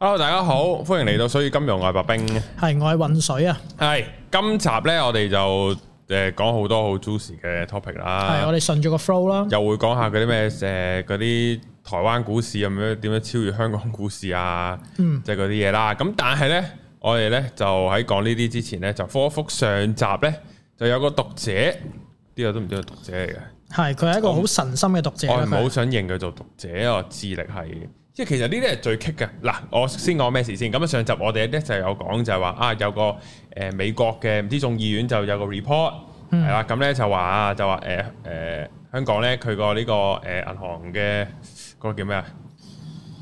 Hello 大家好，嗯、歡迎嚟到《水以金融外白冰》，係外運水啊。係今集呢我哋就誒講好多好 juicy 嘅 topic 啦。係我哋順住個 flow 啦，又會講下嗰啲咩誒嗰啲台灣股市咁樣點樣超越香港股市啊？即係嗰啲嘢啦。咁但係呢，我哋呢就喺講呢啲之前呢，就科復上集呢就有個讀者，呢、這、人、個、都唔知係讀者嚟嘅，係佢係一個好神心嘅讀，我是讀者，我好想認佢做讀者啊，智力係。即係其實呢啲係最棘嘅嗱，我先講咩事先。咁啊，上集我哋咧就有講就係話啊，有個誒、呃、美國嘅唔知眾議院就有個 report 係啦，咁咧、嗯、就話啊，就話誒誒香港咧佢、呢個呢個誒銀行嘅嗰、嗰個叫咩啊？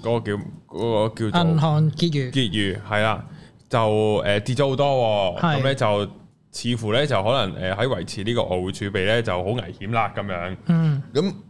嗰、嗰個叫嗰、嗰個、叫做銀行結餘結餘係啦，就誒、呃、跌咗好多、哦，咁咧的就似乎咧就可能誒喺、呃、維持呢個外匯儲備咧就好危險啦咁樣。咁、嗯、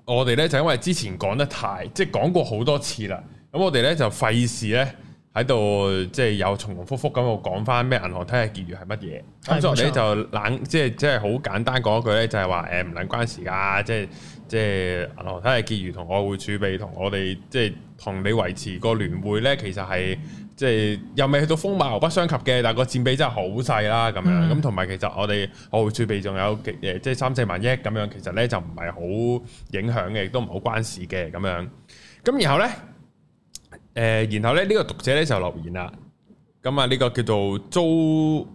我哋咧就因為之前講得太即係講過好多次啦。咁我哋咧就費事咧喺度即係又重重複複咁我講翻咩銀行體系結餘係乜嘢？咁是所以我就冷即係即係好簡單講一句咧，就係話誒唔能關事噶。即係即係銀行體系結餘同外匯儲備同我哋即係同你維持個聯匯咧，其實係即係又未去到風馬牛不相及嘅，但係個佔比真係好細啦。咁樣咁同埋，嗯、其實我哋外匯儲備仲有誒即係三四萬億咁樣，其實咧就唔係好影響嘅，亦都唔好關事嘅咁樣。咁然後咧。誒、呃，然後咧呢、呢個讀者咧就留言啦，咁啊呢個叫做 Zo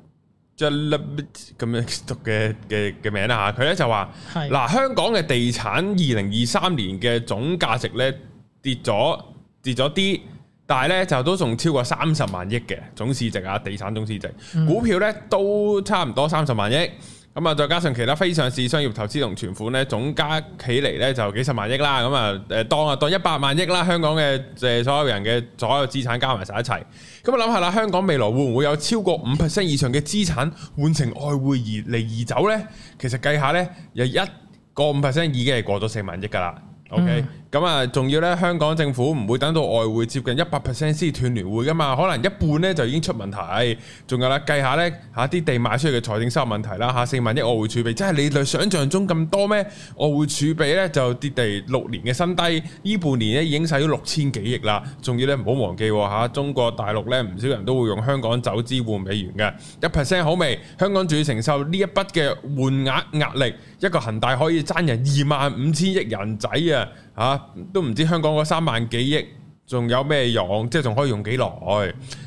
Jelbert 咁樣讀嘅嘅嘅名啊，佢咧就話，嗱是香港嘅地產二零二三年嘅總價值咧跌咗跌咗啲，但係咧就都仲超過三十萬億嘅總市值啊，地產總市值，嗯、股票咧都差唔多三十萬億。咁啊，再加上其他非上市商業投資同存款咧，總加起嚟咧就幾十萬億啦。咁啊，誒當啊當一百萬億啦，香港嘅即係所有人嘅所有資產加埋晒一齊。咁我諗下啦，香港未來會唔會有超過五 percent 以上嘅資產換成外匯而嚟移走咧？其實計下咧，有一個五 percent 已經係過咗四萬億噶啦。OK、嗯。咁啊，仲要咧，香港政府唔會等到外匯接近一百 percent 先斷聯匯㗎嘛？可能一半咧就已經出問題，仲有啦，計下咧嚇啲地賣出去嘅財政收入問題啦嚇，四萬億外匯儲備，真係你對想像中咁多咩？外匯儲備咧就跌地六年嘅新低，呢半年咧已經使咗六千幾億啦。仲要咧唔好忘記嚇、啊，中國大陸咧唔少人都會用香港走資換美元嘅，一 percent 好未？香港主要承受呢一筆嘅換額壓力，一個恒大可以爭人二萬五千億人仔啊！嚇、啊，都唔知香港嗰三萬幾億仲有咩用，即係仲可以用幾耐？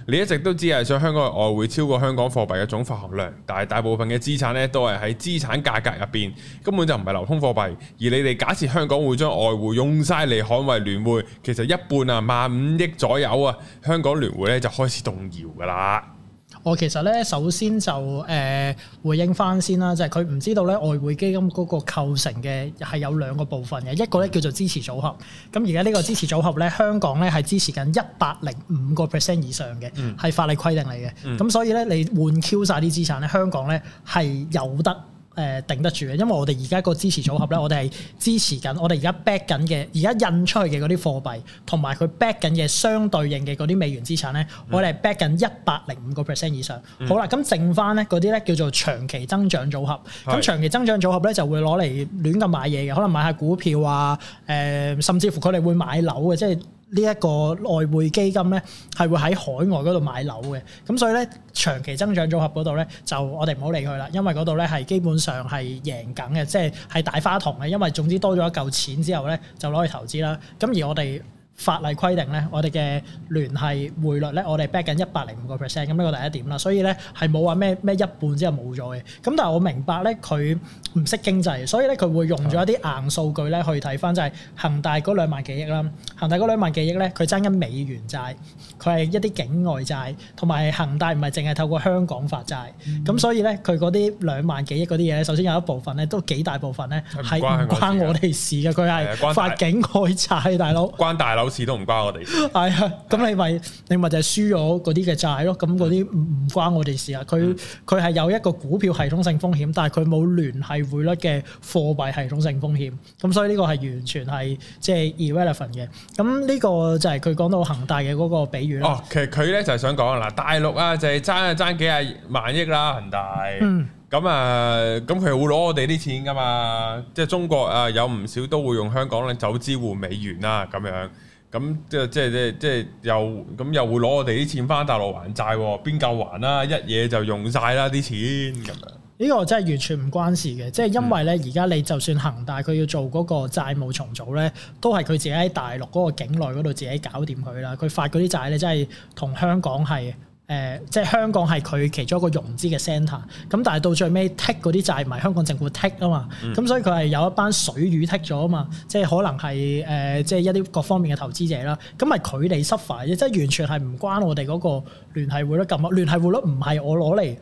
你一直都知係想香港外匯超過香港貨幣嘅總發行量，但係大部分嘅資產咧都係喺資產價格入邊，根本就唔係流通貨幣。而你哋假設香港會將外匯用晒嚟捍衞聯匯，其實一半啊，萬五億左右啊，香港聯匯咧就開始動搖噶啦。我其實咧，首先就誒、呃、回應返先啦，就係佢唔知道咧，外匯基金嗰個構成嘅係有兩個部分嘅，一個咧叫做支持組合。咁而家呢個支持組合咧，香港咧係支持緊一百零五個 percent 以上嘅，係、嗯、法例規定嚟嘅。咁、嗯、所以咧，你換 Q 晒啲資產咧，香港咧係有得，誒、呃、頂得住嘅，因為我哋而家個支持組合咧，我哋係支持緊，我哋而家 back 緊嘅，而家印出去嘅嗰啲貨幣同埋佢 back 緊嘅相對應嘅嗰啲美元資產咧，嗯、我哋係 back 緊一百零五個 percent 以上。好啦，咁剩翻咧嗰啲咧叫做長期增長組合，咁長期增長組合咧就會攞嚟亂咁買嘢嘅，可能買下股票啊，誒、呃，甚至乎佢哋會買樓嘅，即係。呢一個外匯基金咧，係會喺海外嗰度買樓嘅，咁所以咧長期增長組合嗰度咧，就我哋唔好理佢啦，因為嗰度咧係基本上係贏梗嘅，即係係大花筒嘅，因為總之多咗一嚿錢之後咧，就攞去投資啦。咁而我哋法例規定咧，我哋嘅聯繫匯率咧，我哋 back 緊一百零五個 percent 咁，呢個第一點啦。所以咧係冇話咩咩一半之後冇咗嘅。咁但係我明白咧，佢唔識經濟，所以咧佢會用咗一啲硬數據咧去睇返，就係恒大嗰兩萬幾億啦。恒大嗰兩萬幾億咧，佢爭緊美元債，佢係一啲境外債，同埋恒大唔係淨係透過香港發債。咁所以咧，佢嗰啲兩萬幾億嗰啲嘢咧，首先有一部分咧都幾大部分咧係唔關我哋事嘅，佢係發境外債，大佬關大佬。股市都唔關我哋事。係啊，咁你咪你咪就係輸咗嗰啲嘅債咯，咁嗰啲唔唔關我哋事啊。佢佢係有一個股票系統性風險，但係佢冇聯繫匯率嘅貨幣系統性風險。咁所以呢個係完全係即係 irrelevant 嘅。咁呢個就係佢講到恒大嘅嗰個比喻啦。哦，其實佢咧就係、是、想講啊，大陸啊就係爭啊爭幾廿萬億啦，恒大。嗯。咁啊，咁佢會攞我哋啲錢噶嘛？即、就、係、是、中國啊，有唔少都會用香港咧走資換美元啦、啊，咁樣。咁即係即係即係又咁又會攞我哋啲錢返大陸還債，邊夠還啦？一嘢就用晒啦啲錢咁樣。呢個真係完全唔關事嘅，即係、嗯、因為咧，而家你就算恒大佢要做嗰個債務重組咧，都係佢自己喺大陸嗰個境內嗰度自己搞掂佢啦。佢發嗰啲債咧，真係同香港係。誒、呃，即係香港係佢其中一個融資嘅 centre，咁但係到最尾剔嗰啲債，唔咪香港政府剔啊嘛，咁所以佢係有一班水魚剔咗啊嘛，即係可能係誒、呃，即係一啲各方面嘅投資者啦，咁咪佢哋 suffer，即係完全係唔關我哋嗰個聯繫匯率咁啊，聯繫匯率唔係我攞嚟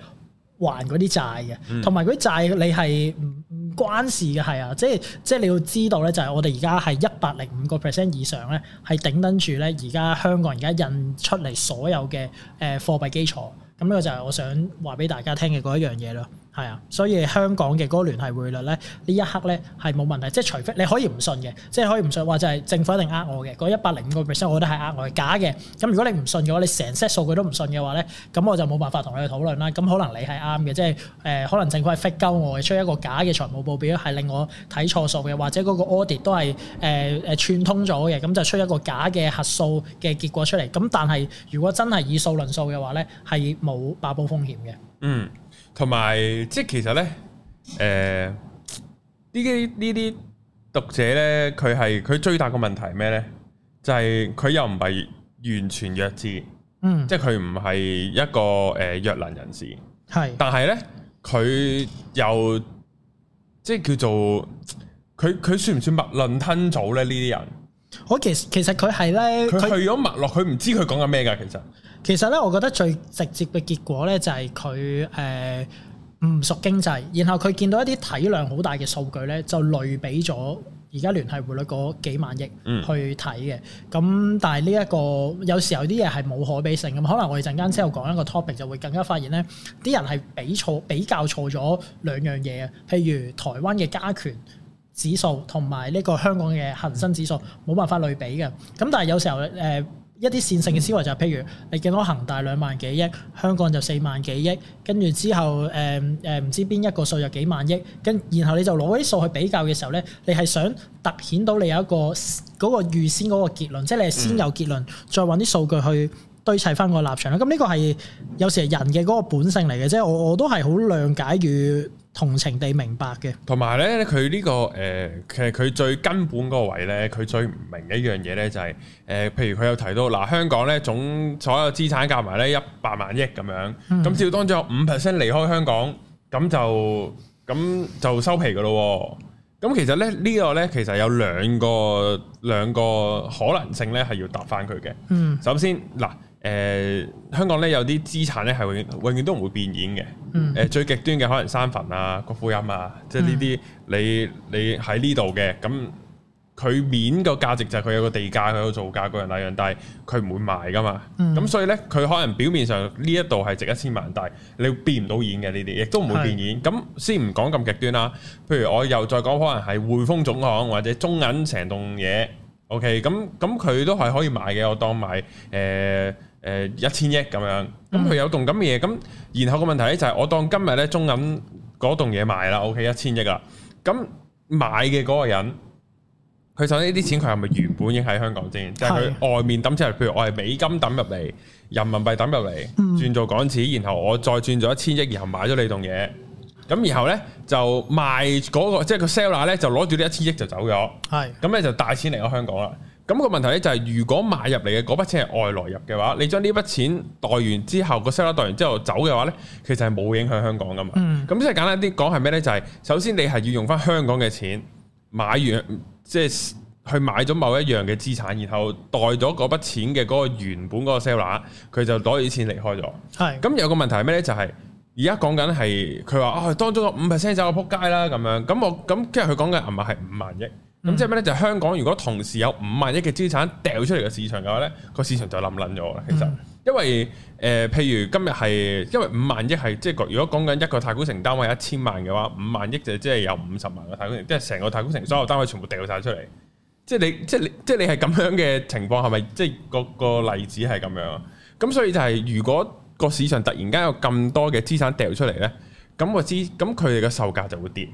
還嗰啲債嘅，同埋嗰啲債你係唔唔關事嘅，係啊，即係即係你要知道咧，就係我哋而家係一百零五個 percent 以上咧，係頂燈住咧，而家香港而家印出嚟所有嘅誒、呃、貨幣基礎，咁呢個就係我想話俾大家聽嘅嗰一樣嘢咯。係啊，所以香港嘅嗰個聯繫匯率咧，呢一刻咧係冇問題。即係除非你可以唔信嘅，即係可以唔信話就係政府一定呃我嘅嗰一百零五個 percent，我覺得係呃我係假嘅。咁如果你唔信嘅話，你成 set 數據都唔信嘅話咧，咁我就冇辦法同你去討論啦。咁可能你係啱嘅，即係誒、呃、可能政府係 fake 鳩我，出一個假嘅財務報表係令我睇錯數嘅，或者嗰個 audit 都係誒誒串通咗嘅，咁就出一個假嘅核數嘅結果出嚟。咁但係如果真係以數論數嘅話咧，係冇爆煲風險嘅。嗯。同埋，即係其實咧，誒、呃，呢啲呢啲讀者咧，佢係佢最大個問題係咩咧？就係、是、佢又唔係完全弱智，嗯，即係佢唔係一個誒、呃、弱能人士，係是，但係咧佢又即係叫做佢佢算唔算麥論吞組咧？呢啲人？我其實其實佢係咧，佢去咗脈絡，佢唔知佢講緊咩噶。其實呢他其實咧，我覺得最直接嘅結果咧，就係佢誒唔熟經濟，然後佢見到一啲體量好大嘅數據咧，就類比咗而家聯繫匯率嗰幾萬億去睇嘅。咁、嗯、但係呢一個，有時候啲嘢係冇可比性噶。可能我哋陣間之後講一個 topic，就會更加發現咧，啲人係比錯比較錯咗兩樣嘢。譬如台灣嘅加權。指數同埋呢個香港嘅恒生指數冇辦法類比嘅，咁但係有時候誒、呃、一啲線性嘅思維就係、是、譬如你見到恒大兩萬幾億，香港就四萬幾億，跟住之後誒誒唔知邊一個數就幾萬億，跟然後你就攞啲數去比較嘅時候咧，你係想突顯到你有一個嗰個預先嗰個結論，即係你係先有結論，再揾啲數據去堆砌翻個立場啦。咁呢個係有時係人嘅嗰個本性嚟嘅，即係我我都係好諒解與。同情地明白嘅，同埋咧，佢呢、呢個誒、呃，其實佢最根本嗰個位咧，佢最唔明一樣嘢咧，就係誒，譬如佢有提到嗱、呃，香港咧總所有資產夾埋咧一百萬億咁樣，咁、嗯、照要當咗五 percent 離開香港，咁就咁就收皮噶咯、哦。咁其實咧呢、呢個咧，其實有兩個兩個可能性咧，係要答翻佢嘅。嗯，首先嗱。誒、嗯、香港咧有啲資產咧係永永遠都唔會變現嘅，誒、嗯、最極端嘅可能山墳啊、郭富音啊，即係呢啲你你喺呢度嘅，咁佢、嗯、面個價值就係佢有個地價，佢有個造價，個人一樣低，佢唔會賣㗎嘛。咁、嗯、所以咧，佢可能表面上呢一度係值一千萬，但係你變唔到現嘅呢啲，亦都唔會變現。咁是先唔講咁極端啦，譬如我又再講可能係匯豐總行或者中銀成棟嘢，OK，咁咁佢都係可以賣嘅，我當賣誒。呃誒一千億咁樣，咁佢有棟咁嘅嘢，咁、嗯、然後個問題咧就係，我當今日咧中銀嗰棟嘢賣啦，OK 一千億啦，咁買嘅嗰個人，佢就呢啲錢佢係咪原本已經喺香港先？但係佢外面抌出嚟，譬如我係美金抌入嚟，人民幣抌入嚟，嗯、轉做港紙，然後我再轉咗一千億，然後買咗你棟嘢，咁然後咧就賣嗰、那個，即係個 seller 咧就攞住呢一千億就走咗，係是，咁咧就帶錢嚟咗香港啦。咁個問題咧就係、是，如果買入嚟嘅嗰筆錢係外來入嘅話，你將呢筆錢袋完之後，個 seller 袋完之後走嘅話咧，其實係冇影響香港噶嘛。咁即係簡單啲講係咩咧？就係、是、首先你係要用翻香港嘅錢買完，即係去買咗某一樣嘅資產，然後袋咗嗰筆錢嘅嗰個原本嗰個 seller，佢就攞住錢離開咗。係是。咁有個問題係咩咧？就係而家講緊係佢話啊，當中五 percent 走個仆街啦咁樣。咁我咁即係佢講嘅銀碼係五萬億。咁即係咩咧？嗯、就香港如果同時有五萬億嘅資產掉出嚟嘅市場嘅話咧，個市場就冧撚咗啦。其實，嗯、因為誒、呃，譬如今日係因為五萬億係即係，就是、如果講緊一個太古城單位一千萬嘅話，五萬億就即係有五十萬個太古城，即係成個太古城所有單位全部掉晒出嚟。即、就、係、是、你，即、就、係、是、你，即係你係咁樣嘅情況，係咪即係個個例子係咁樣啊？咁所以就係如果個市場突然間有咁多嘅資產掉出嚟咧，咁個資咁佢哋嘅售價就會跌。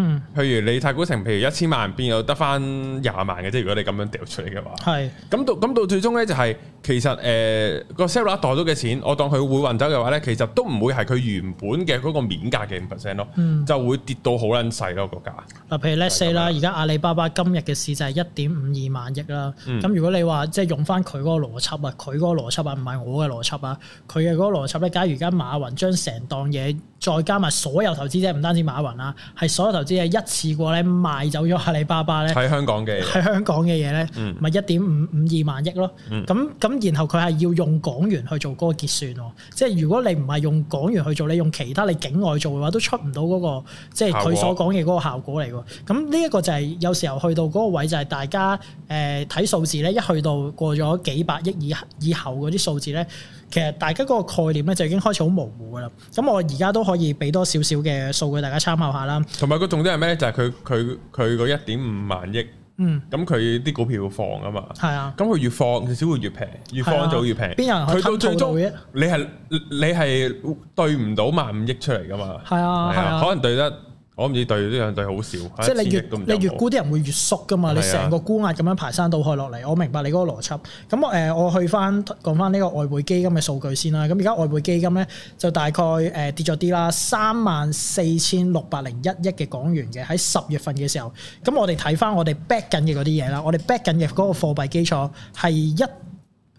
嗯，譬如你太古城，譬如一千萬，變又得翻廿萬嘅，啫？如果你咁樣掉出嚟嘅話，係咁是到咁到最終咧，就係、是、其實誒個 seller 袋到嘅錢，我當佢會運走嘅話咧，其實都唔會係佢原本嘅嗰個面價嘅五 percent 咯，嗯、就會跌到好撚細咯個價。嗱，譬如 let’s say 啦，而家阿里巴巴今日嘅市就係一點五二萬億啦，咁、嗯、如果你話即係用翻佢嗰個邏輯啊，佢嗰個邏輯啊，唔係我嘅邏輯啊，佢嘅嗰個邏輯咧，假如而家馬雲將成檔嘢。再加埋所有投資者，唔單止馬雲啦，係所有投資者一次過咧賣走咗阿里巴巴咧，喺香港嘅，喺香港嘅嘢咧，咪一點五五二萬億咯。咁咁、嗯，然後佢係要用港元去做嗰個結算喎。即係如果你唔係用港元去做，你用其他你境外做嘅話，都出唔到嗰個即係佢所講嘅嗰個效果嚟喎。咁呢一個就係有時候去到嗰個位，就係大家誒睇數字咧，一去到過咗幾百億以以後嗰啲數字咧。其實大家嗰個概念咧就已經開始好模糊噶啦，咁我而家都可以俾多少少嘅數據大家參考下啦。同埋個重點係咩？就係佢佢佢個一點五萬億，嗯，咁佢啲股票會放啊嘛，係啊，咁佢越放至少會越平，越放就越平。邊人佢到最終你係你係兌唔到萬五億出嚟噶嘛？係啊，係啊，可能兌得。我唔知對呢人對好少，即係你越你越估啲人會越縮㗎嘛，的你成個沽壓咁樣排山倒海落嚟。我明白你嗰個邏輯。咁誒、呃，我去翻講翻呢個外匯基金嘅數據先啦。咁而家外匯基金咧就大概誒、呃、跌咗啲啦，三萬四千六百零一億嘅港元嘅喺十月份嘅時候。咁我哋睇翻我哋 back 緊嘅嗰啲嘢啦，我哋 back 緊嘅嗰個貨幣基礎係一。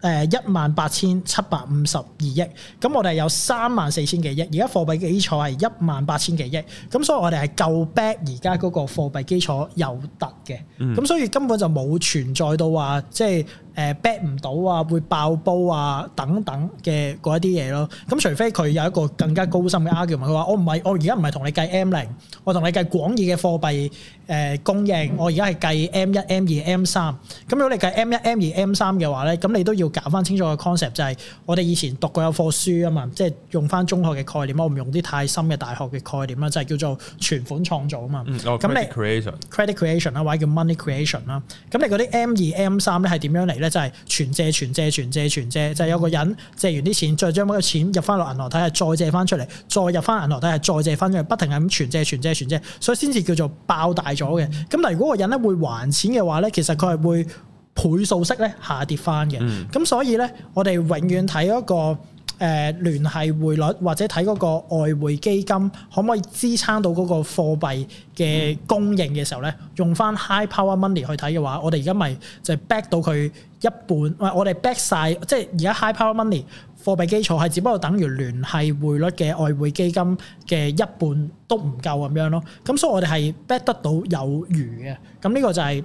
誒一萬八千七百五十二億，咁我哋有三萬四千幾億，而家貨幣基礎係一萬八千幾億，咁所以我哋係夠 back 而家嗰個貨幣基礎有得嘅，咁、嗯、所以根本就冇存在到話即係。就是誒唔到啊，會爆煲啊，等等嘅嗰一啲嘢咯。咁除非佢有一個更加高深嘅 argument，佢話我唔係，我而家唔係同你計 M 零、呃，我同你計廣義嘅貨幣誒供應。我而家係計 M 一、M 二、M 三。咁如果你計 M 一、M 二、M 三嘅話咧，咁你都要搞翻清楚個 concept，就係、是、我哋以前讀過有課書啊嘛，即係用翻中學嘅概念，我唔用啲太深嘅大學嘅概念啦，就係、是、叫做存款創造啊嘛。咁、嗯哦、你 credit creation 啦，或者叫 money creation 啦。咁你嗰啲 M 二、M 三咧係點樣嚟咧？就係存借存借存借存借，借，就係、是、有個人借完啲錢，再將嗰啲錢入翻落銀行體系，再借翻出嚟，再入翻銀行體系，再借翻，就不停係咁存借存借存借，所以先至叫做爆大咗嘅。咁但係如果個人咧會還錢嘅話咧，其實佢係會倍數式咧下跌翻嘅。咁、嗯、所以咧，我哋永遠睇一個。誒、呃、聯繫匯率或者睇嗰個外匯基金可唔可以支撐到嗰個貨幣嘅供應嘅時候咧，嗯、用翻 high power money 去睇嘅話，我哋而家咪就係 back 到佢一半，唔、呃、我哋 back 晒，即係而家 high power money 貨幣基礎係只不過等於聯繫匯率嘅外匯基金嘅一半都唔夠咁樣咯，咁所以我哋係 back 得到有餘嘅，咁呢個就係、是。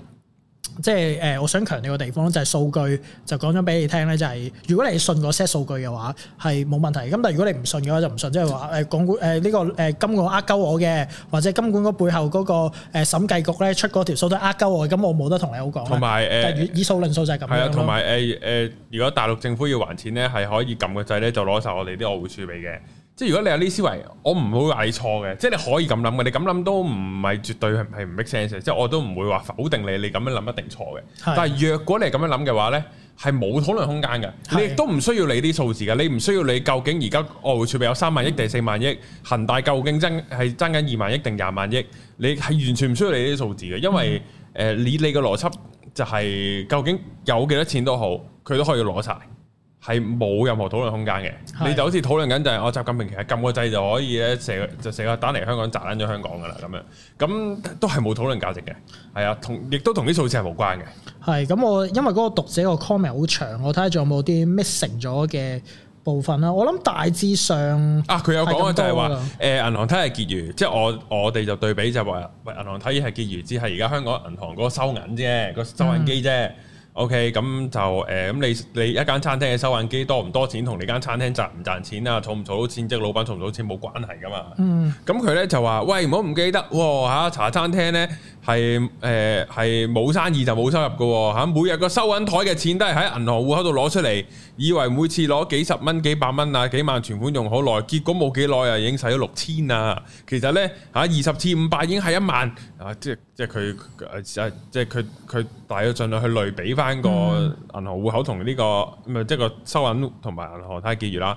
即係誒、呃，我想強調個地方就係、是、數據就講咗俾你聽咧，就係、就是、如果你信嗰 set 數據嘅話，係冇問題。咁但係如果你唔信嘅話，就唔信，即係話誒，港管誒呢個誒金管呃鳩我嘅，或者金管嗰背後嗰個誒審計局咧出嗰條數都呃鳩我，咁我冇得同你好講。同埋誒以數論數就係咁樣啊，同埋誒誒，如果大陸政府要還錢咧，係可以撳個掣咧，就攞晒我哋啲外匯儲備嘅。即係如果你有呢啲思維，我唔會話你錯嘅，即係你可以咁諗嘅。你咁諗都唔係絕對係唔 make sense 嘅，即係我都唔會話否定你。你咁樣諗一定錯嘅。是但係若果你係咁樣諗嘅話咧，係冇討論空間嘅。是你亦都唔需要理啲數字嘅。你唔需要你究竟而家外匯儲備有三萬億定四萬億，恒大究竟增係增緊二萬億定廿萬億？你係完全唔需要理啲數字嘅，因為誒、嗯呃、你你嘅邏輯就係、是、究竟有幾多錢都好，佢都可以攞晒。係冇任何討論空間嘅，是你就好似討論緊就係我習近平其實撳個掣就可以咧，成個就成個蛋打嚟香港砸爛咗香港噶啦咁樣，咁都係冇討論價值嘅。係啊，同亦都同啲數字係無關嘅。係咁，我因為嗰個讀者個 comment 好長，我睇下仲有冇啲 missing 咗嘅部分啦。我諗大致上啊，佢有講嘅就係話誒銀行體系結餘，即係我我哋就對比就話銀行體系結餘，只係而家香港銀行嗰個收銀啫，嗰個收銀機啫。嗯 O.K. 咁就誒，咁、呃、你你一間餐廳嘅收銀機多唔多錢，同你間餐廳賺唔賺錢啊，儲唔儲到錢，即係老闆儲唔儲到錢冇關係㗎嘛。嗯，咁佢咧就話：，喂，唔好唔記得喎、哦啊、茶餐廳咧。係誒，係冇、呃、生意就冇收入嘅喎、哦啊、每日個收銀台嘅錢都係喺銀行戶口度攞出嚟，以為每次攞幾十蚊、幾百蚊啊、幾萬存款用好耐，結果冇幾耐啊，已經使咗六千啊！其實呢，嚇二十次五百已經係一萬啊，即即係佢、啊、即係佢佢，大約盡量去類比翻個銀行戶口同呢、這個、嗯、即係個收銀同埋銀行睇結餘啦。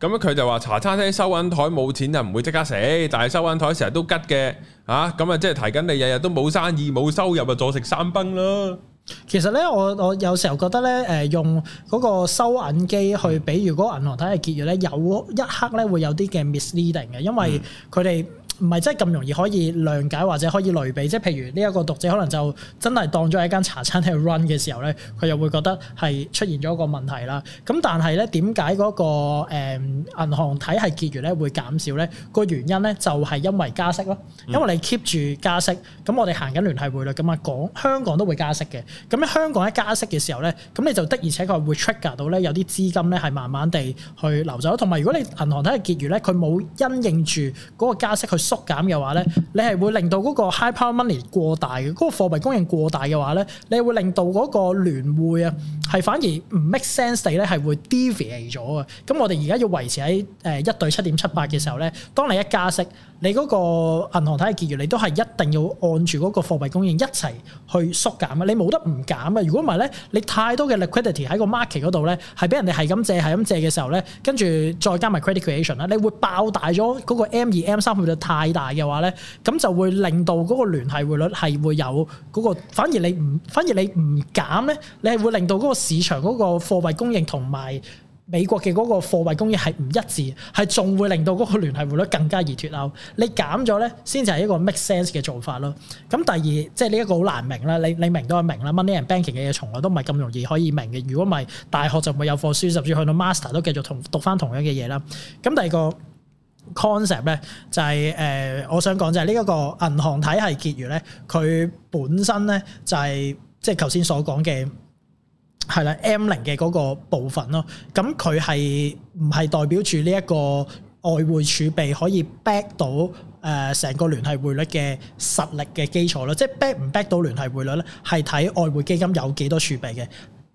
咁佢就話茶餐廳收銀台冇錢就唔會即刻死，但係收銀台成日都吉嘅，嚇咁啊、嗯、即係提緊你日日都冇生意冇收入啊，坐食山崩咯。其實呢，我我有時候覺得呢，誒、呃、用嗰個收銀機去，比如嗰個銀行體系結餘呢，有一刻呢會有啲嘅 misleading 嘅，因為佢哋、嗯。唔係真係咁容易可以諒解或者可以類比，即係譬如呢一個讀者可能就真係當咗係間茶餐廳去 run 嘅時候咧，佢又會覺得係出現咗個問題啦。咁但係咧點解嗰個誒、嗯、銀行體系結餘咧會減少咧？個原因咧就係、是、因為加息咯，因為你 keep 住加息，咁我哋行緊聯繫匯率咁嘛。講香港都會加息嘅，咁咧香港一加息嘅時候咧，咁你就的而且確會 trigger 到咧有啲資金咧係慢慢地去流走，同埋如果你銀行體系結餘咧，佢冇因應住嗰個加息去縮減嘅話咧，你係會令到嗰個 high power money 過大嘅，嗰個貨幣供應過大嘅話咧，你會令到嗰個聯匯啊，係反而唔 make sense 嘅咧，係會 deviate 咗嘅。咁我哋而家要維持喺誒一對七點七八嘅時候咧，當你一加息。你嗰個銀行體系結餘，你都係一定要按住嗰個貨幣供應一齊去縮減啊！你冇得唔減啊！如果唔係咧，你太多嘅 liquidity 喺個 market 嗰度咧，係俾人哋係咁借係咁借嘅時候咧，跟住再加埋 credit creation 啦，你會爆大咗嗰個 M 二 M 三幅度太大嘅話咧，咁就會令到嗰個聯繫匯率係會有嗰個，反而你唔反而你唔減咧，你係會令到嗰個市場嗰個貨幣供應同埋。美國嘅嗰個貨幣供應係唔一致，係仲會令到嗰個聯繫匯率更加易脱歐。你減咗咧，先至係一個 make sense 嘅做法咯。咁第二，即係呢一個好難明啦。你你明都係明啦，Money and Banking 嘅嘢從來都唔係咁容易可以明嘅。如果唔係，大學就冇有課書，甚至去到 master 都繼續同讀翻同樣嘅嘢啦。咁第二個 concept 咧，就係、是、誒、呃，我想講就係呢一個銀行體系結餘咧，佢本身咧就係即係頭先所講嘅。係啦，M0 嘅嗰個部分咯，咁佢係唔係代表住呢一個外匯儲備可以 back 到誒成個聯繫匯率嘅實力嘅基礎咯？即係 back 唔 back 到聯繫匯率咧，係睇外匯基金有幾多儲備嘅。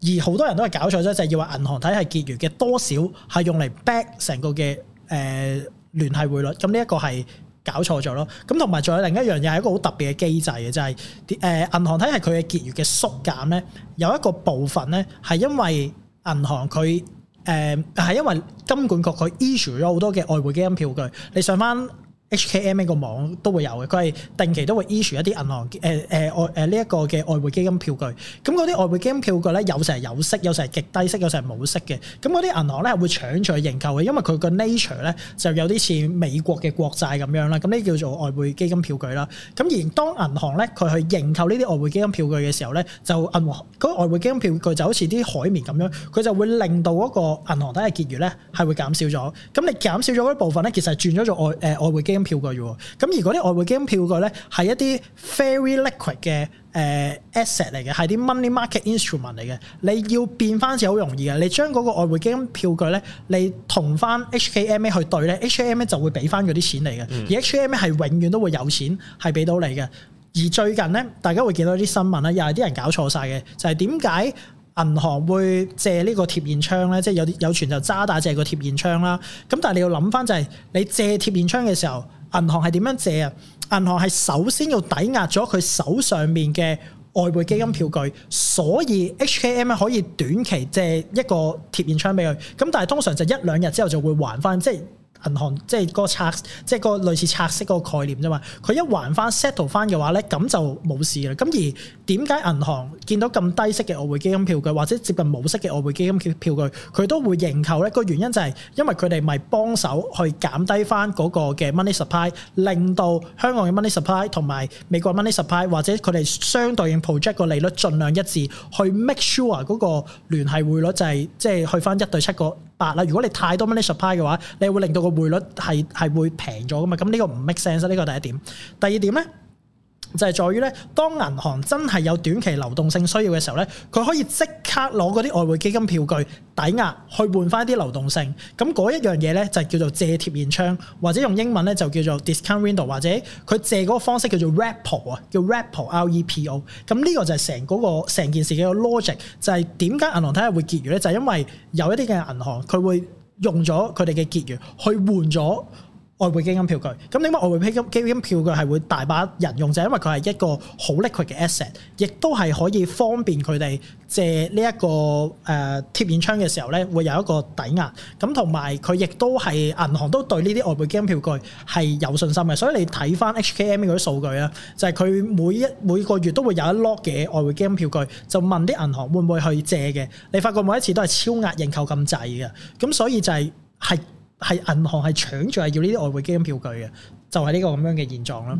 而好多人都係搞錯咗，就係要話銀行體系結餘嘅多少係用嚟 back 成個嘅誒聯繫匯率。咁呢一個係。搞錯咗咯，咁同埋仲有另一樣嘢，係一個好特別嘅機制嘅，就係、是、誒、呃、銀行體系佢嘅結餘嘅縮減咧，有一個部分咧係因為銀行佢誒係因為金管局佢 issue 咗好多嘅外匯基金票據，你上翻。HKM 呢個網都會有嘅，佢係定期都會 issue 一啲銀行誒誒、呃呃呃呃這個、外誒呢一個嘅外匯基金票據。咁嗰啲外匯基金票據咧，有時係有息，有時係極低息，有時係冇息嘅。咁嗰啲銀行咧，會搶取認購嘅，因為佢個 nature 咧就有啲似美國嘅國債咁樣啦。咁呢叫做外匯基金票據啦。咁而當銀行咧，佢去認購呢啲外匯基金票據嘅時候咧，就銀行嗰外匯基金票據就好似啲海綿咁樣，佢就會令到嗰個銀行底嘅結餘咧係會減少咗。咁你減少咗嗰一部分咧，其實轉咗做外誒、呃、外匯基金。票據啫喎，咁而嗰啲外匯基金票據咧，係一啲 fairly liquid 嘅誒 asset 嚟嘅，係啲 money market instrument 嚟嘅。你要變翻字好容易嘅，你將嗰個外匯基金票據咧，你同翻 HKMA 去對咧，HKMA 就會俾翻嗰啲錢你嘅。嗯、而 HKMA 係永遠都會有錢係俾到你嘅。而最近咧，大家會見到啲新聞咧，又係啲人搞錯晒嘅，就係點解銀行會借呢個貼現窗咧？即、就、係、是、有啲有傳就渣打借個貼現窗啦。咁但係你要諗翻就係、是、你借貼現窗嘅時候。銀行係點樣借啊？銀行係首先要抵押咗佢手上面嘅外匯基金票據，所以 HKM 可以短期借一個貼現窗俾佢。咁但係通常就一兩日之後就會還返，即係。銀行即係個拆，即係個,個類似拆息嗰個概念啫嘛。佢一還翻 settle 翻嘅話咧，咁就冇事啦。咁而點解銀行見到咁低息嘅外匯基金票據，或者接近冇息嘅外匯基金票票據，佢都會認購咧？個原因就係因為佢哋咪幫手去減低翻嗰個嘅 money supply，令到香港嘅 money supply 同埋美國 money supply 或者佢哋相對應 project 個利率盡量一致，去 make sure 嗰個聯繫匯率就係即係去翻一對七個。白啦，如果你太多 money supply 嘅話，你會令到個匯率係係會平咗噶嘛，咁呢個唔 make sense。呢個第一點，第二點咧，就係在於咧，當銀行真係有短期流動性需要嘅時候咧，佢可以即刻攞嗰啲外匯基金票據抵押去換翻啲流動性。咁嗰一樣嘢咧，就叫做借貼現窗，或者用英文咧就叫做 discount window，或者佢借嗰個方式叫做 repo, 叫 repo, R-E-P-O 啊，叫 repo repo。咁呢個就係成嗰個成件事嘅 logic，就係點解銀行體係會結餘咧？就係、是、因為有一啲嘅銀行佢會用咗佢哋嘅結餘去換咗。外匯基金票據，咁點解外匯基金基金票據係會大把人用，就係因為佢係一個好 liquid 嘅 asset，亦都係可以方便佢哋借呢一個誒貼現窗嘅時候咧，會有一個抵押。咁同埋佢亦都係銀行都對呢啲外匯基金票據係有信心嘅。所以你睇翻 HKM 嗰啲數據啊，就係佢每一每個月都會有一 lot 嘅外匯基金票據，就問啲銀行會唔會去借嘅？你發覺每一次都係超額認購咁滯嘅，咁所以就係係。係銀行係搶住係要呢啲外匯基金票據嘅，就係呢個咁樣嘅現狀咯。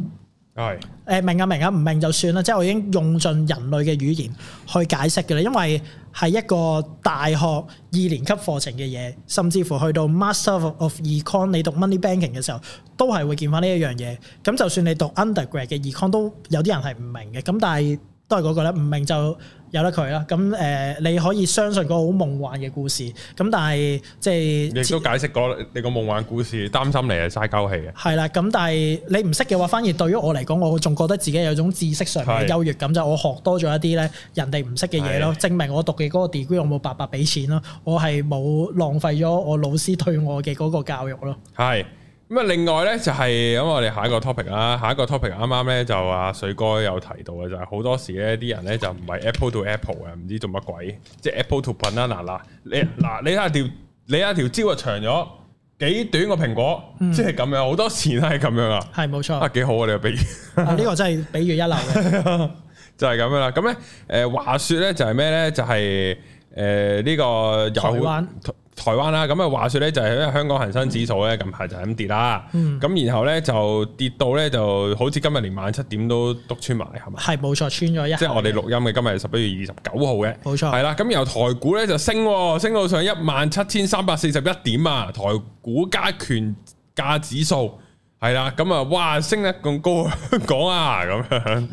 係，誒，明啊明啊，唔明就算啦。即係我已經用盡人類嘅語言去解釋嘅啦。因為係一個大學二年級課程嘅嘢，甚至乎去到 Master of Econ 你讀 Money Banking 嘅時候，都係會見翻呢一樣嘢。咁就算你讀 Undergrad 嘅 Econ 都有啲人係唔明嘅，咁但係都係嗰句喇，唔明就。有得佢啦，咁誒你可以相信個好夢幻嘅故事，咁但係即係你都解釋過你個夢幻故事，擔心你係嘥鳩氣嘅。係啦，咁但係你唔識嘅話，反而對於我嚟講，我仲覺得自己有種知識上嘅優越感，就我學多咗一啲咧，人哋唔識嘅嘢咯，證明我讀嘅嗰個 degree 我冇白白俾錢咯，我係冇浪費咗我老師對我嘅嗰個教育咯。係。咁啊，另外咧就係咁，我哋下一個 topic 啦，下一個 topic 啱啱咧就阿水哥有提到嘅就係、是、好多時咧啲人咧就唔係 Apple to Apple 嘅，唔知做乜鬼，即、就、係、是、Apple to 品啦嗱嗱，你嗱你睇下條你睇下條蕉啊長咗幾短個蘋果，即係咁樣，好多時係咁樣、嗯、啊，係冇錯啊，幾好啊，你個比喻，呢、 啊這個真係比喻一流 就係咁樣啦，咁咧誒，話說咧就係咩咧就係誒呢個台灣有台灣啦，咁啊話説咧就係香港恒生指數咧近排就係咁跌啦，咁、嗯、然後咧就跌到咧就好似今日連萬七點都篤穿埋係咪？係冇錯，穿咗一。即係我哋錄音嘅今日係十一月二十九號嘅，冇錯。係啦，咁由台股咧就升，升到上一萬七千三百四十一點啊！台股加權價指數係啦，咁啊、嗯、哇，升得咁高，香港啊咁樣。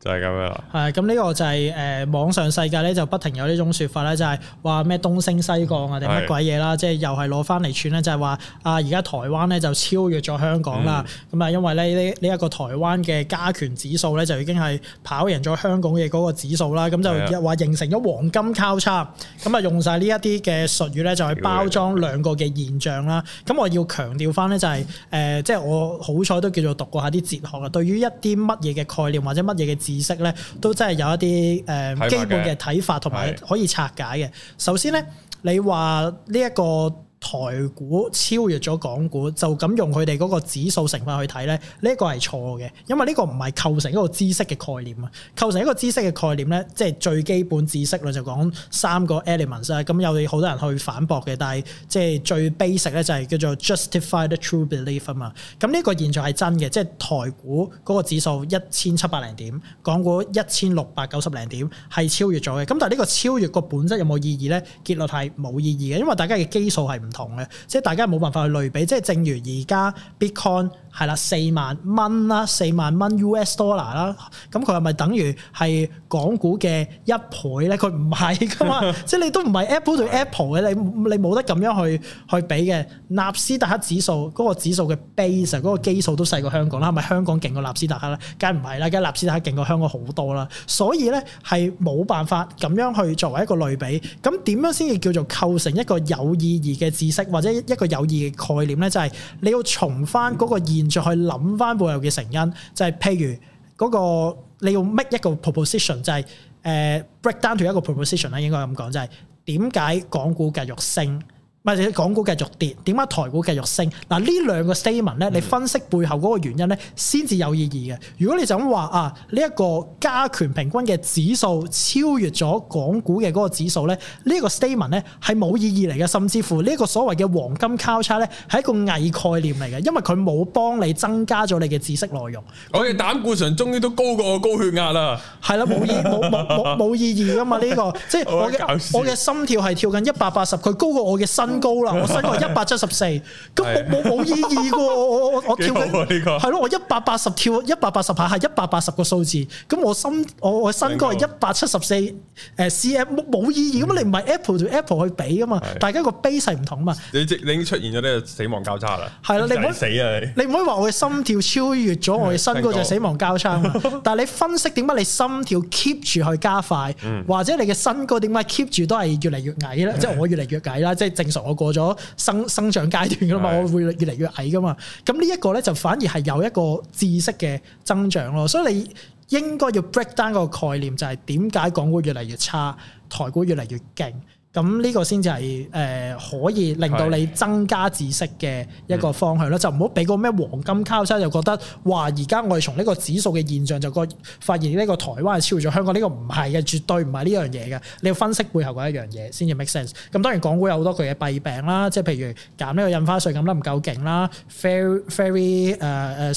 就係咁樣啦、啊，係咁呢個就係、是、誒、呃、網上世界咧就不停有呢種說法咧、就是，就係話咩東升西降啊定乜鬼嘢啦，啊、的即係又係攞翻嚟串咧，就係話啊而家台灣咧就超越咗香港啦，咁啊、嗯、因為咧呢呢一、個台灣嘅加權指數咧就已經係跑贏咗香港嘅嗰個指數啦，咁的就話形成咗黃金交叉，咁啊 用晒呢一啲嘅術語咧就去包裝兩個嘅現象啦，咁的我要強調翻咧就係誒即係我好彩都叫做讀過下啲哲學啊，對於一啲乜嘢嘅概念或者乜嘢。嘅知識咧，都真係有一啲誒、呃、基本嘅睇法，同埋可以拆解嘅。是的 首先咧，你話呢一個，台股超越咗港股，就咁用佢哋嗰個指數成分去睇咧，呢、呢個係錯嘅，因為呢個唔係構成一個知識嘅概念啊。構成一個知識嘅概念咧，即係最基本知識啦，就講三個 elements 啊。咁、嗯、有好多人去反駁嘅，但係即係最 basic 咧就係叫做 justified the true belief 啊、嗯、嘛。咁、這、呢個現象係真嘅，即係台股嗰個指數一千七百零點，港股一千六百九十零點係超越咗嘅。咁但係呢個超越個本質有冇意義咧？結論係冇意義嘅，因為大家嘅基數係唔同嘅，即係大家冇辦法去類比，即係正如而家 Bitcoin。係啦，四萬蚊啦，四萬蚊 US dollar 啦，咁佢係咪等於係港股嘅一倍咧？佢唔係㗎嘛， 即係你都唔係 App Apple 對 Apple 嘅，你你冇得咁樣去去比嘅，納斯達克指數嗰、嗰個指數嘅 base 嗰個基數都細過香港啦，係咪香港勁過納斯達克咧？梗係唔係啦，梗係納斯達克勁過香港好多啦，所以咧係冇辦法咁樣去作為一個類比。咁點樣先至叫做構成一個有意義嘅知識或者一個有意義嘅概念咧？就係、係、你要重翻嗰個現然再去諗翻背後嘅成因，就係、是、譬如嗰、那個你要 make 一個 proposition，就係、是、誒、uh, break down to 一個 proposition 啦，應該咁講，就係點解港股繼續升？唔係，港股繼續跌，點解台股繼續升？嗱，呢兩個 statement 咧，你分析背後嗰個原因咧，先至有意義嘅。如果你就咁話啊，呢一個加權平均嘅指數超越咗港股嘅嗰個指數咧，呢一個 statement 咧係冇意義嚟嘅。甚至乎呢一個所謂嘅黃金交叉咧，係一個偽概念嚟嘅，因為佢冇幫你增加咗你嘅知識內容。我哋膽固醇終於都高過我高血壓啦。係啦、嗯，冇意冇冇冇冇意義㗎嘛？呢個 即係我嘅我嘅心跳係跳緊一百八十，佢高過我嘅身身高啦，我身高係一百七十四，咁冇冇冇意義噶， 我下下個我我跳緊係咯，我一百八十跳一百八十下係一百八十個數字，咁我心我我身高係一百七十四誒 cm 冇冇意義噶、嗯、你唔係 apple 對 apple 去比噶嘛？的大家個 base 唔同嘛？你即係已經出現咗呢個死亡交叉啦，係啦，你，你唔好死啊！你唔可以話我嘅心跳超越咗我嘅身高就死亡交叉，升高 但係你分析點解你心跳 keep 住去加快，嗯、或者你嘅身高點解 keep 住都係越嚟越矮咧？即係、嗯、我越嚟越矮啦，即、就、係、是、正常。我過咗生生長階段噶嘛，我會越嚟越矮噶嘛，咁呢一個咧就反而係有一個知識嘅增長咯，所以你應該要 break down 個概念就係點解港股越嚟越差，台股越嚟越勁。咁呢個先至係誒可以令到你增加知識嘅一個方向啦，的就唔好俾個咩黃金交叉就覺得哇，而家我哋從呢個指數嘅現象就覺發現呢個台灣係超越咗香港，呢個唔係嘅，絕對唔係呢樣嘢嘅。你要分析背後嗰一樣嘢先至 make sense。咁當然港股有好多佢嘅弊病啦，即係譬如減呢個印花稅咁啦，都唔夠勁啦，very very 誒誒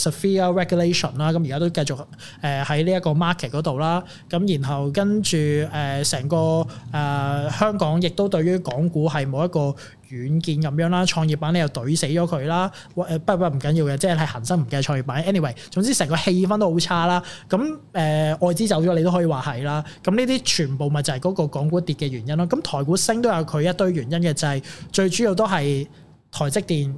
severe regulation 啦，咁而家都繼續誒喺呢一個 market 度啦。咁然後跟住誒成個誒、uh, 香港。亦都對於港股係冇一個軟件咁樣啦，創業板你又隊死咗佢啦，不不唔緊要嘅，即係係恒生唔計創業板，anyway 總之成個氣氛都好差啦，咁誒、呃、外資走咗你都可以話係啦，咁呢啲全部咪就係嗰個港股跌嘅原因咯，咁台股升都有佢一堆原因嘅，就係、係、最主要都係台積電。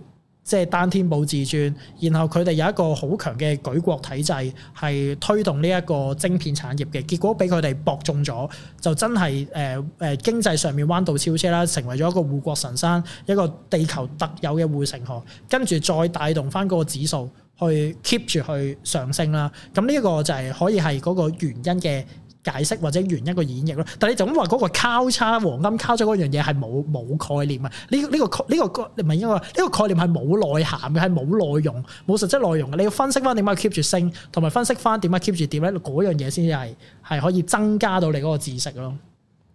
即係單天保至尊，然後佢哋有一個好強嘅舉國體制，係推動呢一個晶片產業嘅，結果俾佢哋搏中咗，就真係誒誒經濟上面彎道超車啦，成為咗一個護國神山，一個地球特有嘅護城河，跟住再帶動翻嗰個指數去 keep 住去上升啦。咁呢一個就係可以係嗰個原因嘅。解釋或者原因個演繹咯，但係你就咁話嗰個交叉黃金交叉嗰樣嘢係冇冇概念啊？呢、呢個、呢個呢、呢個、呢個唔係因為呢個概念係冇內涵嘅，係冇內容、冇實質內容嘅。你要分析翻點解 keep 住升，同埋分析翻點解 keep 住跌咧，嗰樣嘢先至係係可以增加到你嗰個知識咯。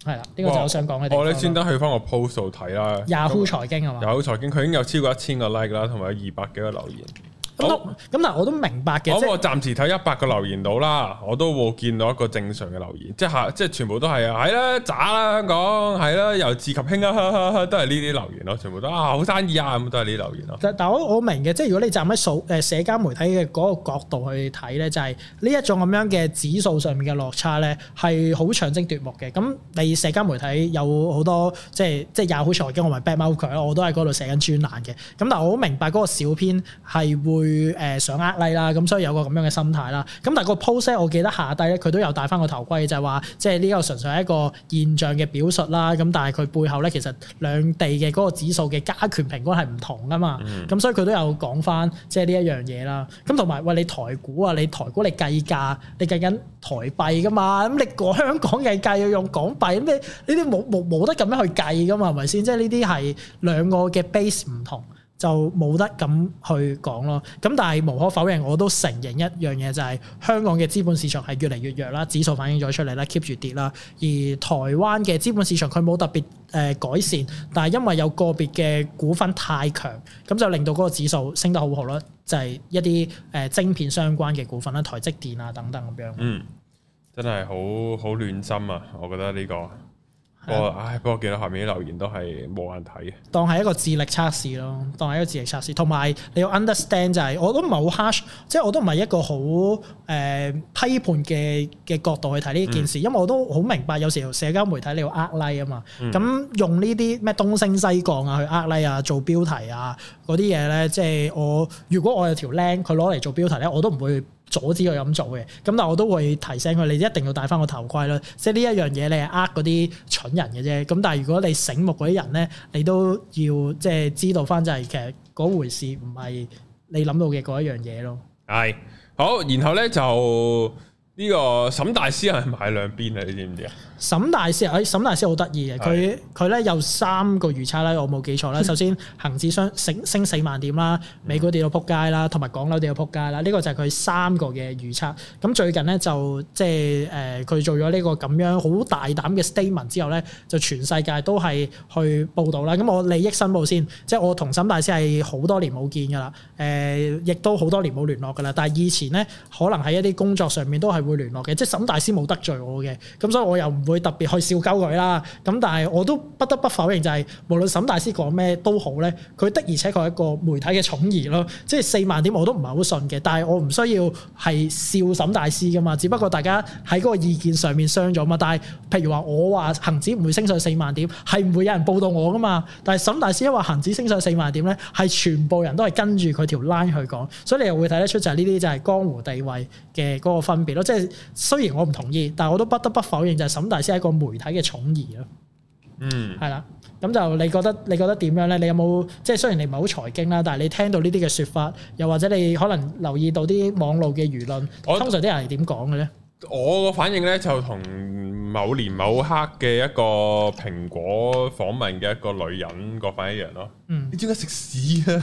係啦，呢個就我想講嘅。我哋先得去翻 Yahoo、個 post 睇啦，Yahoo 財經係嘛？Yahoo 財經佢已經有超過一千個 like 啦，同埋有二百幾個留言。咁，咁好但我都明白嘅。我好即我暫時睇一百個留言到啦，我都冇見到一個正常嘅留言，即係下即係全部都係、哎、啊，係啦，渣啦香港，係啦，又自及興啊，呵呵都係呢啲留言咯，全部都啊好生意啊，咁都係呢啲留言咯。但係我我明嘅，即係如果你站喺數誒社交媒體嘅嗰個角度去睇咧，就係、是、呢一種咁樣嘅指數上面嘅落差咧，係好搶睛奪目嘅。咁第二社交媒體有，多有好多即係即係廿好財經嘅，我咪 bad mouth 咯，我都喺嗰度寫緊專欄嘅。咁但係我好明白嗰個小編係會。佢誒想呃例啦，咁所以有個咁樣嘅心態啦。咁但係個 post 我記得下低咧，佢都有戴翻個頭盔，就係、是、話，即係呢個純粹係一個現象嘅表述啦。咁但係佢背後咧，其實兩地嘅嗰個指數嘅加權平均係唔同噶嘛。咁、嗯、所以佢都有講翻，即係呢一樣嘢啦。咁同埋，喂你台股啊，你台股你計價，你計緊台幣噶嘛？咁你講香港計價要用港幣，咁你呢啲冇冇冇得咁樣去計噶嘛？係咪先？即係呢啲係兩個嘅 base 唔同。就冇得咁去講咯，咁但係無可否認，我都承認一樣嘢就係香港嘅資本市場係越嚟越弱啦，指數反映咗出嚟啦，keep 住跌啦。而台灣嘅資本市場佢冇特別誒改善，但係因為有個別嘅股份太強，咁就令到嗰個指數升得好好咯，就係一啲誒晶片相關嘅股份啦，台積電啊等等咁樣。嗯，真係好好暖心啊！我覺得呢個。我唉，不過見到下面啲留言都係冇眼睇嘅。當係一個智力測試咯，當係一個智力測試。同埋你要 understand 就係、是，我都唔係好 harsh，即係我都唔係一個好誒、呃、批判嘅嘅角度去睇呢件事，嗯、因為我都好明白有時候社交媒體你要呃 like 啊嘛。咁、嗯、用呢啲咩東升西降啊去呃 like 啊做標題啊嗰啲嘢咧，即係、就是、我如果我有條 link 佢攞嚟做標題咧，我都唔會。阻止佢咁做嘅，咁但係我都會提醒佢，你一定要戴翻個頭盔咯。即係呢一樣嘢，你係呃嗰啲蠢人嘅啫。咁但係如果你醒目嗰啲人咧，你都要即係知道翻，就係其實嗰回事唔係你諗到嘅嗰一樣嘢咯。係好，然後咧就呢個沈大師係買兩邊啊，你知唔知啊？沈大師啊，誒、欸，沈大師好得意嘅，佢佢咧有三個預測啦。我冇記錯啦。首先，恒指升升升四萬點啦，美股跌到仆街啦，同埋、嗯、港樓跌到仆街啦。呢、呢個就係佢三個嘅預測。咁最近咧就即係誒，佢、呃、做咗呢個咁樣好大膽嘅 statement 之後咧，就全世界都係去報導啦。咁 我利益申報先，即係我同沈大師係好多年冇見㗎啦，誒、呃，亦都好多年冇聯絡㗎啦。但係以前咧，可能喺一啲工作上面都係會聯絡嘅，即係沈大師冇得罪我嘅，咁所以我又唔會。會特別去笑鳩佢啦，咁但係我都不得不否認就係無論沈大師講咩都好咧，佢的而且確係一個媒體嘅寵兒咯。即係四萬點我都唔係好信嘅，但係我唔需要係笑沈大師噶嘛，只不過大家喺嗰個意見上面傷咗嘛，但係譬如話我話恒指唔會升上四萬點，係唔會有人報導我噶嘛，但係沈大師一話恒指升上四萬點咧，係全部人都係跟住佢條 line 去講，所以你又會睇得出就係呢啲就係江湖地位嘅嗰個分別咯，即係雖然我唔同意，但我都不得不否認就係沈先係一個媒體嘅寵兒咯，嗯，係啦，咁就你覺得你覺得點樣咧？你有冇即係雖然你唔係好財經啦，但係你聽到呢啲嘅説法，又或者你可能留意到啲網路嘅輿論，我 通常啲人係點講嘅咧？我個反應咧就同某年某刻嘅一個蘋果訪問嘅一個女人個反應一樣咯。嗯，你點解食屎啊？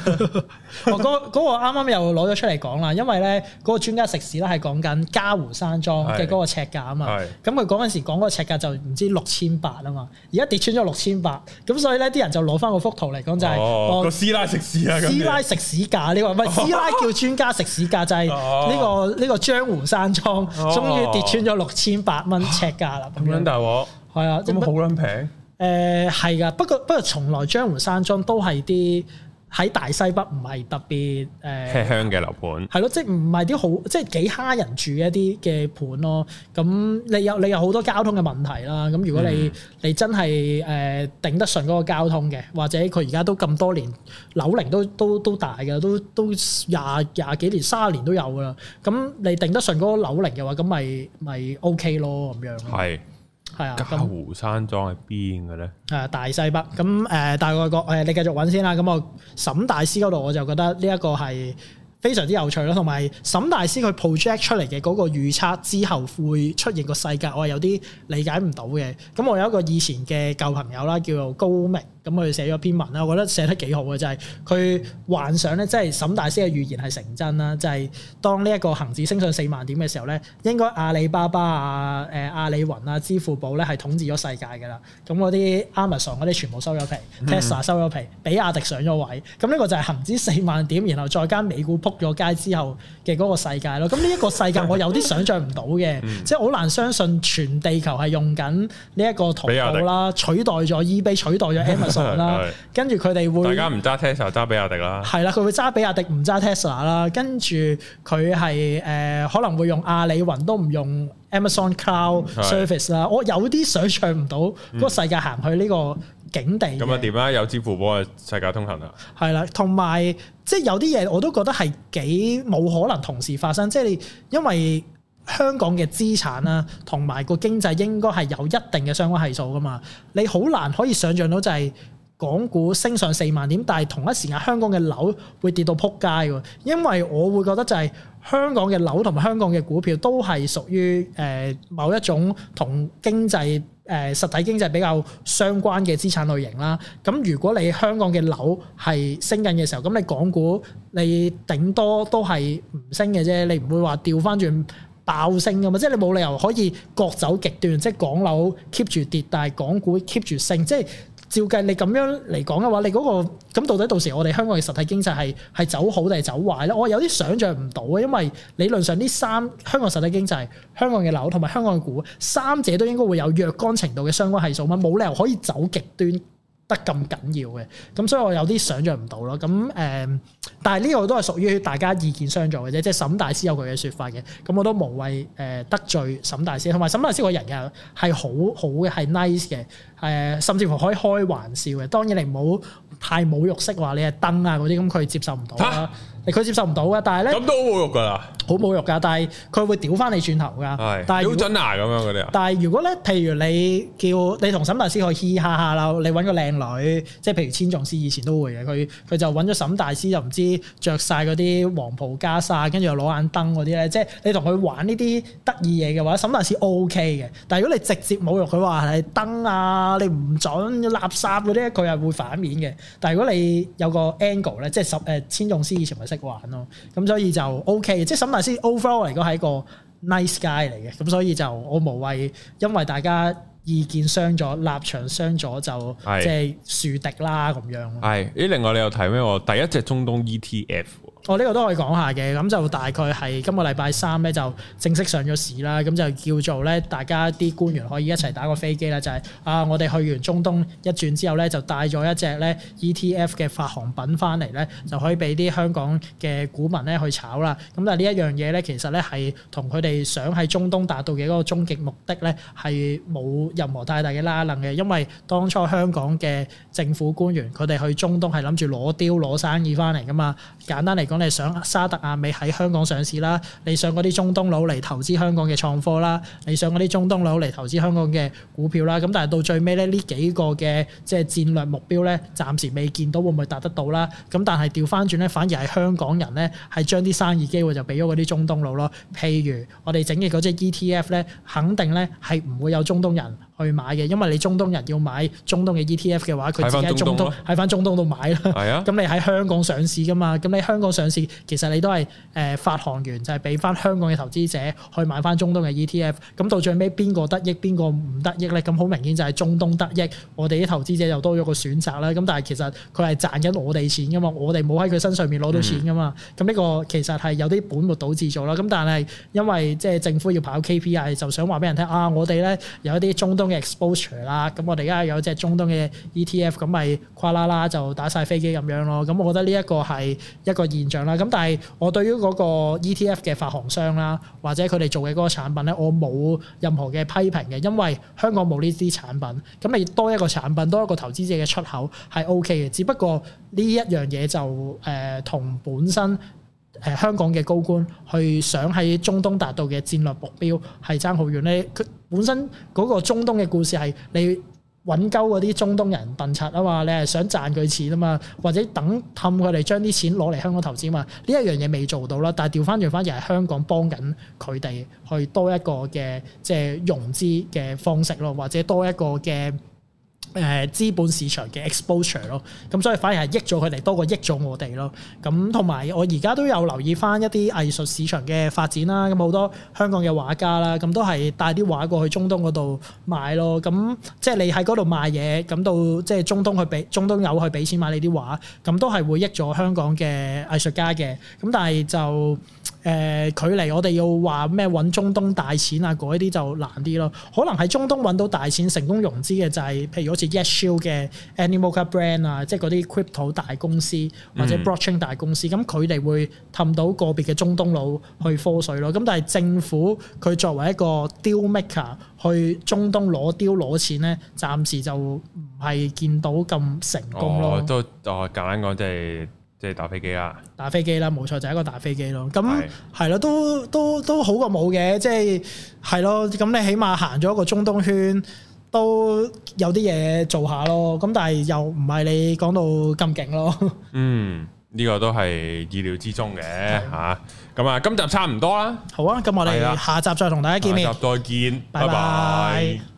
嗰嗰個啱啱又攞咗出嚟講啦，因為咧嗰個專家食屎咧係講緊嘉湖山莊嘅嗰個尺價啊嘛。咁佢嗰陣時講個尺價就唔知六千八啊嘛，而家跌穿咗六千八，咁所以咧啲人就攞翻嗰幅圖嚟講就係個師奶食屎啊！師奶食屎價，你話唔係師奶叫專家食屎價就係呢個呢個嘉湖山莊中意。跌穿咗六千八蚊尺價啦，咁樣大鑊，係啊，點解好撚平？誒。係噶對、嗯，不過不過從來，江湖山莊都係啲。喺大西北唔係特別誒吃、呃、香嘅樓盤，係咯，即係唔係啲好，即係幾蝦人住一啲嘅盤咯。咁你有你有好多交通嘅問題啦。咁如果你、嗯、你真係誒、呃、頂得順嗰個交通嘅，或者佢而家都咁多年樓齡都都都大嘅，都都廿廿幾年、三十年都有㗎啦。咁你頂得順嗰個樓齡嘅話，咁咪咪 OK 咯，咁樣。係。係啊，嘉湖山莊係邊嘅咧？係啊，大西北咁誒、呃，大外國誒、哎，你繼續揾先啦。咁我沈大師嗰度我就覺得呢一個係非常之有趣咯。同埋沈大師佢 project 出嚟嘅嗰個預測之後會出現個世界，我係有啲理解唔到嘅。咁我有一個以前嘅舊朋友啦，叫做高明。咁佢寫咗篇文啦，我覺得寫得幾好嘅就係、是、佢幻想咧，即係沈大師嘅預言係成真啦，就係、是、當呢一個恒指升上四萬點嘅時候咧，應該阿里巴巴啊、誒、啊、阿、啊、里雲啊、支付寶咧係統治咗世界嘅啦。咁我啲 Amazon 嗰啲全部收咗皮、嗯、，Tesla 收咗皮，比亞迪上咗位。咁呢個就係恒指四萬點，然後再加美股撲咗街之後嘅嗰個世界咯。咁呢一個世界我有啲想像唔到嘅，即係好難相信全地球係用緊呢一個淘寶啦，取代咗 eBay，取代咗啦，跟住佢哋會大家唔揸 Tesla 揸比亞迪啦，係啦，佢會揸比亞迪唔揸 Tesla 啦。跟住佢係誒，可能會用阿里雲都唔用 Amazon Cloud Service 啦。嗯、我有啲想象唔到嗰個世界行去呢個境地。咁啊點啊？有支付寶嘅世界通行啊。係啦，同埋即係有啲嘢、就是、我都覺得係幾冇可能同時發生，即、就是、你，因為。香港嘅資產啦，同埋個經濟應該係有一定嘅相關係數㗎嘛。你好難可以想像到就係港股升上四萬點，但係同一時間香港嘅樓會跌到撲街嘅。因為我會覺得就係香港嘅樓同埋香港嘅股票都係屬於誒某一種同經濟誒實體經濟比較相關嘅資產類型啦。咁如果你香港嘅樓係升緊嘅時候，咁你港股你頂多都係唔升嘅啫，你唔會話掉返轉。爆升噶嘛，即係你冇理由可以各走極端，即係港樓 keep 住跌，但係港股 keep 住升，即係照計你咁樣嚟講嘅話，你嗰、那個嗰個咁，到底到時我哋香港嘅實體經濟係係走好定係走壞咧？我有啲想像唔到啊，因為理論上呢三香港實體經濟、香港嘅樓同埋香港嘅股三者都應該會有若干程度嘅相關係數嘛，冇理由可以走極端得咁緊要嘅，咁所以我有啲想像唔到咯。咁誒、嗯，但係呢個都係屬於大家意見相左嘅啫。即、就、係、是、沈大師有佢嘅說法嘅，咁我都無謂誒、呃、得罪沈大師，同埋沈大師個人嘅係好好嘅，係 nice 嘅。誒、呃，甚至乎可以開玩笑嘅，當然你唔好太侮辱式話你係燈啊嗰啲，咁佢接受唔到啦。佢、啊、接受唔到嘅，但係咧咁都侮辱㗎啦，好侮辱㗎。但係佢會屌翻你轉頭㗎。係整緊牙咁樣嗰啲啊。但係如果咧，譬如你叫你同沈大師可以嘻嘻哈哈啦，你揾個靚女，即係譬如千眾師以前都會嘅，佢佢就揾咗沈大師就唔知着晒嗰啲黃袍袈裟，跟住又攞眼燈嗰啲咧，即係你同佢玩呢啲得意嘢嘅話，沈大師 O K 嘅。但係如果你直接侮辱佢話係燈啊～啊！你唔准垃圾嗰啲，佢係會反面嘅。但係如果你有個 angle 咧，即係十誒千眾師以前咪識玩咯。咁所以就 OK，即係沈大師 overall 嚟講係一個 nice guy 嚟嘅。咁所以就我無謂因為大家意見相左、立場相左就即係樹敵啦咁是樣。係誒，另外你又睇咩？我第一隻中東 ETF。我呢、哦呢個都可以講下嘅，咁就大概係今個禮拜三咧就正式上咗市啦，咁就叫做咧大家啲官員可以一齊打個飛機啦，就係、是、啊我哋去完中東一轉之後咧，就帶咗一隻咧 ETF 嘅發行品翻嚟咧，就可以俾啲香港嘅股民咧去炒啦。咁但係呢一樣嘢咧，其實咧係同佢哋想喺中東達到嘅嗰個終極目的咧係冇任何太大嘅拉楞嘅，因為當初香港嘅政府官員佢哋去中東係諗住攞雕攞生意翻嚟噶嘛，簡單嚟。講你上沙特阿美喺香港上市啦，你上嗰啲中東佬嚟投資香港嘅創科啦，你上嗰啲中東佬嚟投資香港嘅股票啦，咁但係到最尾咧，呢幾個嘅即係戰略目標咧，暫時未見到會唔會達得到啦。咁但係掉返轉咧，反而係香港人咧係將啲生意機會就俾咗嗰啲中東佬咯。譬如我哋整嘅嗰隻 ETF 咧，肯定咧係唔會有中東人。去買嘅，因為你中東人要買中東嘅 ETF 嘅話，佢自己喺中東喺翻中東度買啦。咁的 你喺香港上市噶嘛？咁你香港上市，其實你都係誒發行完就係俾翻香港嘅投資者去買翻中東嘅 ETF。咁到最尾邊個得益，邊個唔得益呢？咁好明顯就係中東得益，我哋啲投資者又多咗個選擇啦。咁但係其實佢係賺緊我哋錢噶嘛，我哋冇喺佢身上面攞到錢噶嘛。咁呢個其實係有啲本末倒置咗啦。咁但係因為即係政府要跑 KPI，就想話俾人聽啊，我哋呢，有一啲中東 exposure 啦，咁我哋而家有隻中東嘅 ETF，咁咪跨啦啦就打晒飛機咁樣咯。咁我覺得呢一個係一個現象啦。咁但係我對於嗰個 ETF 嘅發行商啦，或者佢哋做嘅嗰個產品咧，我冇任何嘅批評嘅，因為香港冇呢啲產品，咁你多一個產品，多一個投資者嘅出口係 OK 嘅。只不過呢一樣嘢就誒同、呃、本身誒香港嘅高官去想喺中東達到嘅戰略目標係爭好遠咧。本身嗰個中東嘅故事係你揾鳩嗰啲中東人笨柒啊嘛，你係想賺佢錢啊嘛，或者等氹佢哋將啲錢攞嚟香港投資啊嘛，呢一樣嘢未做到啦，但係調翻轉反而係香港幫緊佢哋去多一個嘅即係融資嘅方式咯，或者多一個嘅，誒資本市場嘅 exposure 咯，咁所以反而係益咗佢哋多過益咗我哋咯。咁同埋我而家都有留意翻一啲藝術市場嘅發展啦。咁好多香港嘅畫家啦，咁都係帶啲畫過去中東嗰度買咯。咁即係你喺嗰度賣嘢，咁到即係中東去俾，中東友去俾錢買你啲畫，咁都係會益咗香港嘅藝術家嘅。咁但係就。誒、呃、距離我哋要話咩揾中東大錢啊嗰啲就難啲咯，可能喺中東揾到大錢成功融資嘅就係、是、譬如好似 Yes Show 嘅 Animal Cap Brand 啊，即係嗰啲 Crypto 大公司或者 Blockchain 大公司，咁佢哋會氹到個別嘅中東佬去科水咯。咁但係政府佢作為一個 Deal Maker 去中東攞刁攞錢咧，暫時就唔係見到咁成功咯。哦都哦，簡單講就係我哋。即係打飛機啊，打飛機啦，冇錯，就係一個打飛機咯。咁係咯，都都都好過冇嘅，即係係咯。咁你起碼行咗一個中東圈，都有啲嘢做下咯。咁但係又唔係你講到咁勁咯。嗯，呢個都係意料之中嘅嚇。咁啊，今集差唔多啦。好啊，咁我哋下集再同大家見面。下集再見，拜拜。